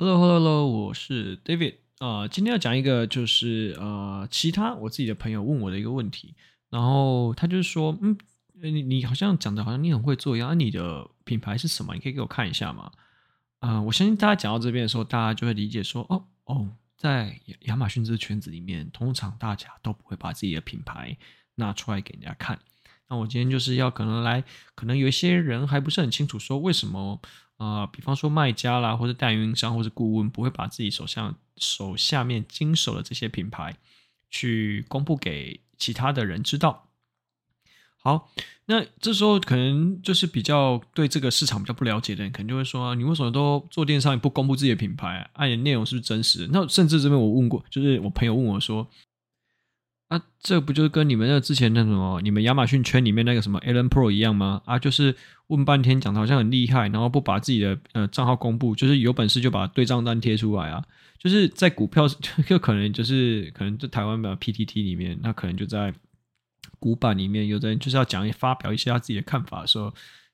Hello Hello Hello，我是 David 啊，uh, 今天要講一個就是呃，uh, 其他我自己的朋友問我的一個問題，然後他就是說，嗯，你你好像講的，好像你很會做一樣，啊，你的品牌是什麼？你可以給我看一下嗎？啊，uh, 我相信大家講到這邊的時候，大家就會理解說，哦哦，在亞馬遜這個圈子裡面，通常大家都不會把自己的品牌拿出來給人家看。那我今天就是要可能來，可能有一些人還不是很清楚，說為什麼？啊、呃，比方說賣家啦，或者代運營商，或者顧問，不會把自己手上手下面經手的這些品牌去公布給其他的人知道。好，那這時候可能就是比較對這個市場比較不了解的人，可能就會說、啊，你為什麼都做電商，你不公布自己的品牌啊？啊，你內容是不是真實？那甚至這邊我問過，就是我朋友問我說，那、啊、這不就是跟你們那之前那什麼，你們亞馬遜圈裡面那個什麼 Ellenpro 一樣嗎？啊，就是問半天講的好像很厲害，然後不把自己的呃賬號公布，就是有本事就把對賬單貼出來啊。就是在股票就可能就是可能在台灣的 PTT 裡面，那可能就在股版裡面，有人就是要講發表一下自己的看法的時候，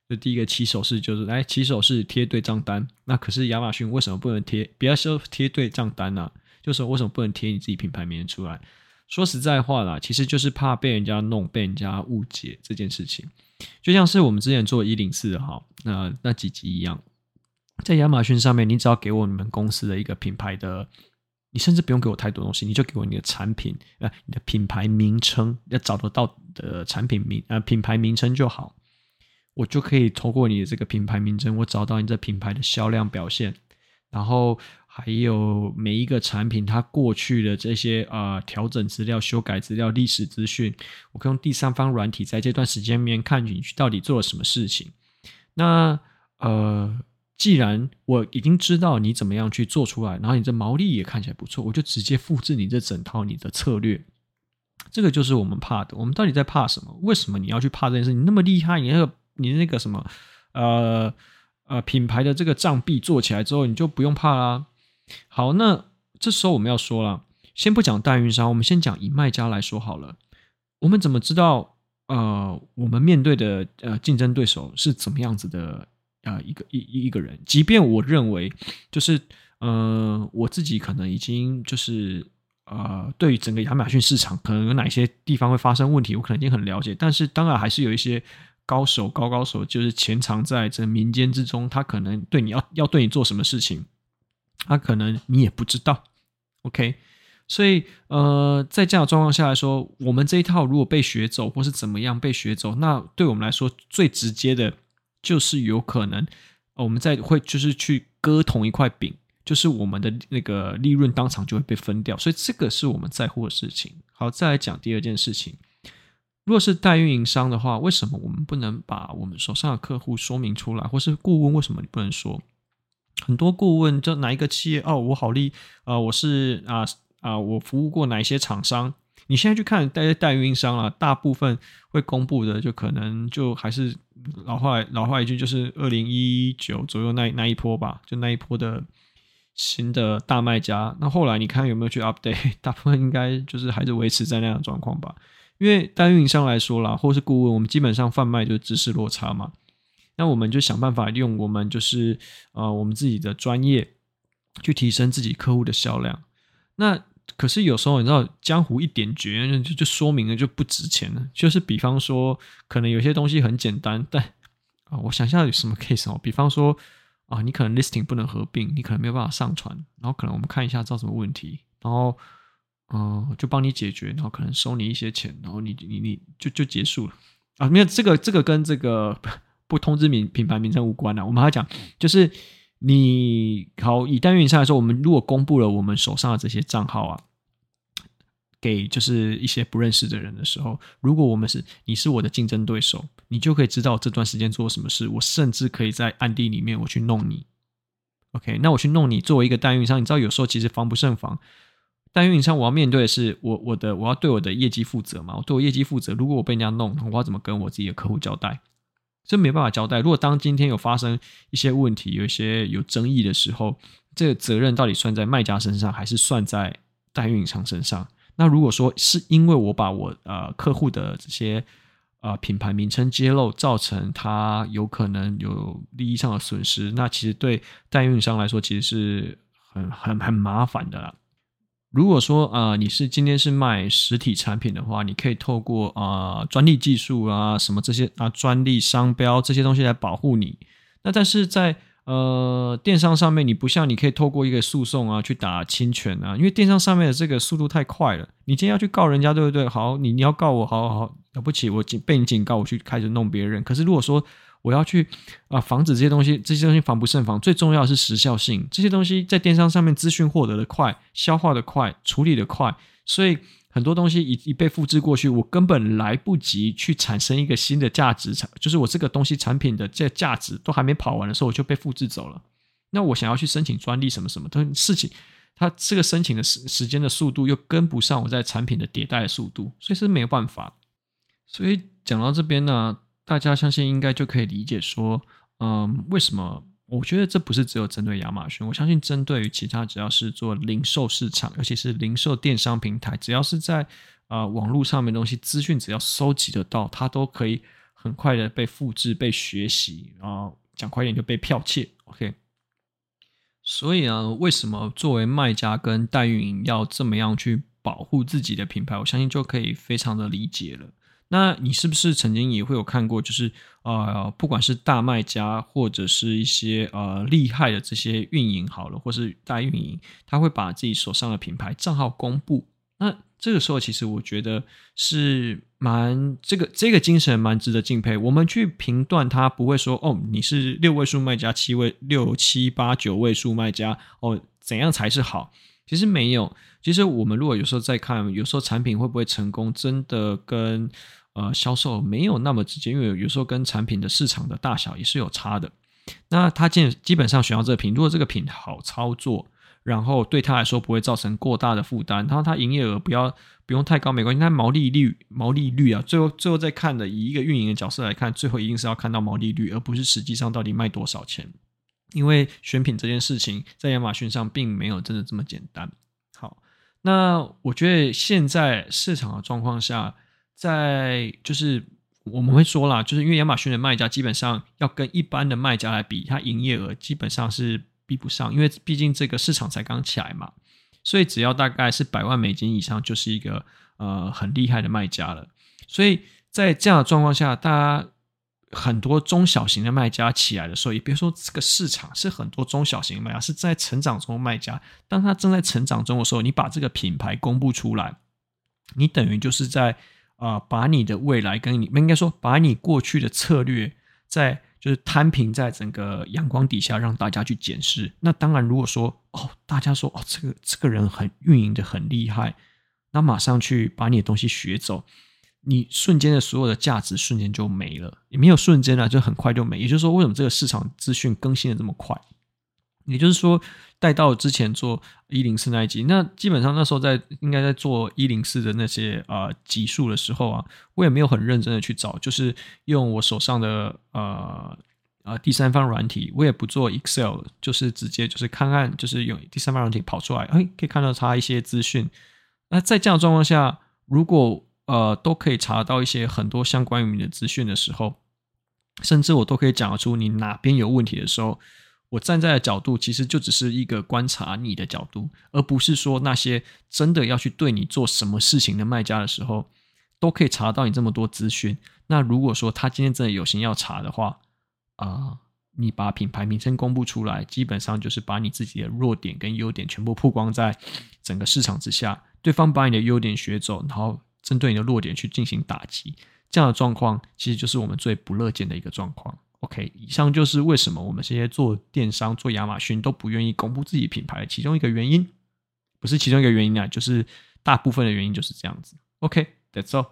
就第一個起手式就是哎，起手式貼對賬單那可是亞馬遜為什麼不能貼？不要說貼對賬單啊，就是為什麼不能貼你自己品牌名出來？說實在話啦，其實就是怕被人家弄、被人家誤解這件事情，就像是我們之前做一零四哈那那幾集一樣，在亞馬遜上面，你只要給我你們公司的一個品牌的，你甚至不用給我太多東西，你就給我你的產品啊、呃，你的品牌名稱，要找得到的產品名啊、呃，品牌名稱就好，我就可以透過你的這個品牌名稱，我找到你這品牌的銷量表現，然後，還有每一個產品，它過去的這些啊、呃、調整資料、修改資料、歷史資訊，我可以用第三方軟體在這段時間裡面看你到底做了什麼事情。那呃，既然我已經知道你怎麼樣去做出來，然後你這毛利也看起來不錯，我就直接複製你這整套你的策略。這個就是我們怕的，我們到底在怕什麼？為什麼你要去怕這件事？你那麼厲害，你那個你那個什麼呃呃品牌的這個賬幣做起來之後，你就不用怕啦、啊。好，那這時候我們要說了，先不講代運營商，我們先講以賣家來說好了。我們怎麼知道，呃，我們面對的呃競爭對手是怎麼樣子的？呃，一個一一一個人，即便我認為，就是呃，我自己可能已經就是呃，對於整個亞馬遜市場可能有哪些地方會發生問題，我可能已經很了解。但是當然還是有一些高手高高手，就是潛藏在這民間之中，他可能對你要要對你做什麼事情。他、啊、可能你也不知道，OK，所以呃，在這樣的狀況下來說，我們這一套如果被學走，或是怎麼樣被學走，那對我們來說最直接的就是有可能，呃、我們在會就是去割同一塊餅，就是我們的那個利潤當場就會被分掉，所以這個是我們在乎的事情。好，再來講第二件事情，如果是代運營商的話，為什麼我們不能把我們手上的客戶說明出來，或是顧問為什麼你不能說？很多顧問就哪一個企業哦，我好利啊、呃，我是啊啊、呃呃，我服務過哪一些廠商？你現在去看大家代運營商了，大部分會公布的，就可能就還是老話老話一句，就是二零一九左右那那一波吧，就那一波的新的大賣家。那後來你看有沒有去 update？大部分應該就是還是維持在那樣的狀況吧。因為代運營商來說啦，或是顧問，我們基本上販賣就是知識落差嘛。那我們就想辦法用我們就是啊、呃，我們自己的專業去提升自己客戶的銷量。那可是有時候你知道，江湖一點訣，就就說明了就不值錢了。就是比方說，可能有些東西很簡單，但啊、呃，我想一下有什麼 case 哦。比方說啊、呃，你可能 listing 不能合併，你可能沒有辦法上傳，然後可能我們看一下找什麼問題，然後嗯、呃，就幫你解決，然後可能收你一些錢，然後你你你就就結束了啊。沒有這個這個跟這個。不通知名品牌名稱無關的、啊，我們還要講，就是你好，以代運營商來說，我們如果公布了我們手上的這些賬號啊，給就是一些不認識的人的時候，如果我們是你是我的競爭對手，你就可以知道這段時間做什麼事，我甚至可以在暗地裡面我去弄你。OK，那我去弄你作為一個代運營商，你知道有時候其實防不勝防。代運營商我要面對的是我我的我要對我的業績負責嘛，我對我業績負責，如果我被人家弄，我要怎麼跟我自己的客戶交代？這沒辦法交代。如果當今天有發生一些問題，有一些有爭議的時候，這個責任到底算在賣家身上，還是算在代運營商身上？那如果說是因為我把我呃客戶的這些呃品牌名稱揭露，造成他有可能有利益上的損失，那其實對代運營商來說，其實是很很很麻煩的啦。如果說啊、呃，你是今天是賣實體產品的話，你可以透過啊、呃、專利技術啊什麼這些啊專利商標這些東西來保護你。那但是在呃電商上面，你不像你可以透過一個訴訟啊去打侵權啊，因為電商上面的這個速度太快了。你今天要去告人家，對不對？好，你你要告我，好好了不起，我被你警告，我去開始弄別人。可是如果說，我要去啊，防止這些東西，這些東西防不勝防。最重要的是時效性，這些東西在電商上面，資訊獲得的快，消化的快，處理的快，所以很多東西已一一被複製過去，我根本來不及去產生一個新的價值產，就是我這個東西產品的這價值都還沒跑完的時候，我就被複製走了。那我想要去申請專利什麼什麼，它事情，它這個申請的時時間的速度又跟不上我在產品的迭代的速度，所以是沒有辦法。所以講到這邊呢。大家相信應該就可以理解說，嗯、呃，為什麼？我覺得這不是只有針對亞馬遜，我相信針對於其他，只要是做零售市場，尤其是零售電商平台，只要是在啊、呃、網絡上面的東西資訊，只要收集得到，它都可以很快的被複製、被學習，然後講快一點就被剽竊。OK，所以啊，為什麼作為賣家跟代運營要這麼樣去保護自己的品牌？我相信就可以非常的理解了。那你是不是曾經也會有看過？就是呃，不管是大賣家或者是一些呃厲害的這些運營好了，或是大運營，他會把自己手上的品牌賬號公布。那這個時候，其實我覺得是蠻這個這個精神蠻值得敬佩。我們去評斷他，不會說哦，你是六位數賣家、七位、六七八九位數賣家哦，怎樣才是好？其實沒有，其實我們如果有時候在看，有時候產品會不會成功，真的跟呃銷售沒有那麼直接，因為有時候跟產品的市場的大小也是有差的。那他建基本上選到這個品，如果這個品好操作，然後對他來說不會造成過大的負擔，然後他營業額不要不用太高沒關係，他毛利率毛利率啊，最後最後再看的，以一個運營的角色來看，最後一定是要看到毛利率，而不是實際上到底賣多少錢。因為選品這件事情，在亞馬遜上並沒有真的這麼簡單。好，那我覺得現在市場的狀況下，在就是我們會說啦，就是因為亞馬遜的賣家基本上要跟一般的賣家來比，他營業額基本上是比不上，因為畢竟這個市場才剛起來嘛。所以只要大概是百萬美金以上，就是一個呃很厲害的賣家了。所以在這樣的狀況下，大家。很多中小型的賣家起來的時候，也別說這個市場是很多中小型的賣家是在成長中賣家，當他正在成長中的時候，你把這個品牌公布出來，你等於就是在啊、呃，把你的未來跟你，應該說把你過去的策略在就是攤平在整個陽光底下，讓大家去檢視。那當然，如果說哦，大家說哦，這個這個人很運營的很厲害，那馬上去把你的東西學走。你瞬間的所有的價值瞬間就沒了，也沒有瞬間啊，就很快就沒。也就是說，為什麼這個市場資訊更新的這麼快？也就是說，帶到之前做一零四那一集，那基本上那時候在應該在做一零四的那些啊、呃、集數的時候啊，我也沒有很認真的去找，就是用我手上的呃，呃第三方軟體，我也不做 Excel，就是直接就是看看，就是用第三方軟體跑出來，哎，可以看到它一些資訊。那在這樣的狀況下，如果呃，都可以查到一些很多相關於你的資訊的時候，甚至我都可以講得出你哪邊有問題的時候，我站在的角度其實就只是一個觀察你的角度，而不是說那些真的要去對你做什麼事情的賣家的時候，都可以查到你這麼多資訊。那如果說他今天真的有心要查的話，啊、呃，你把品牌名稱公布出來，基本上就是把你自己的弱點跟優點全部曝光在整個市場之下，對方把你的優點學走，然後。針對你的弱點去進行打擊，這樣的狀況其實就是我們最不樂見的一個狀況。OK，以上就是為什麼我們這些做電商、做亞馬遜都不願意公布自己品牌的其中一個原因，不是其中一個原因啊，就是大部分的原因就是這樣子。OK，that's all。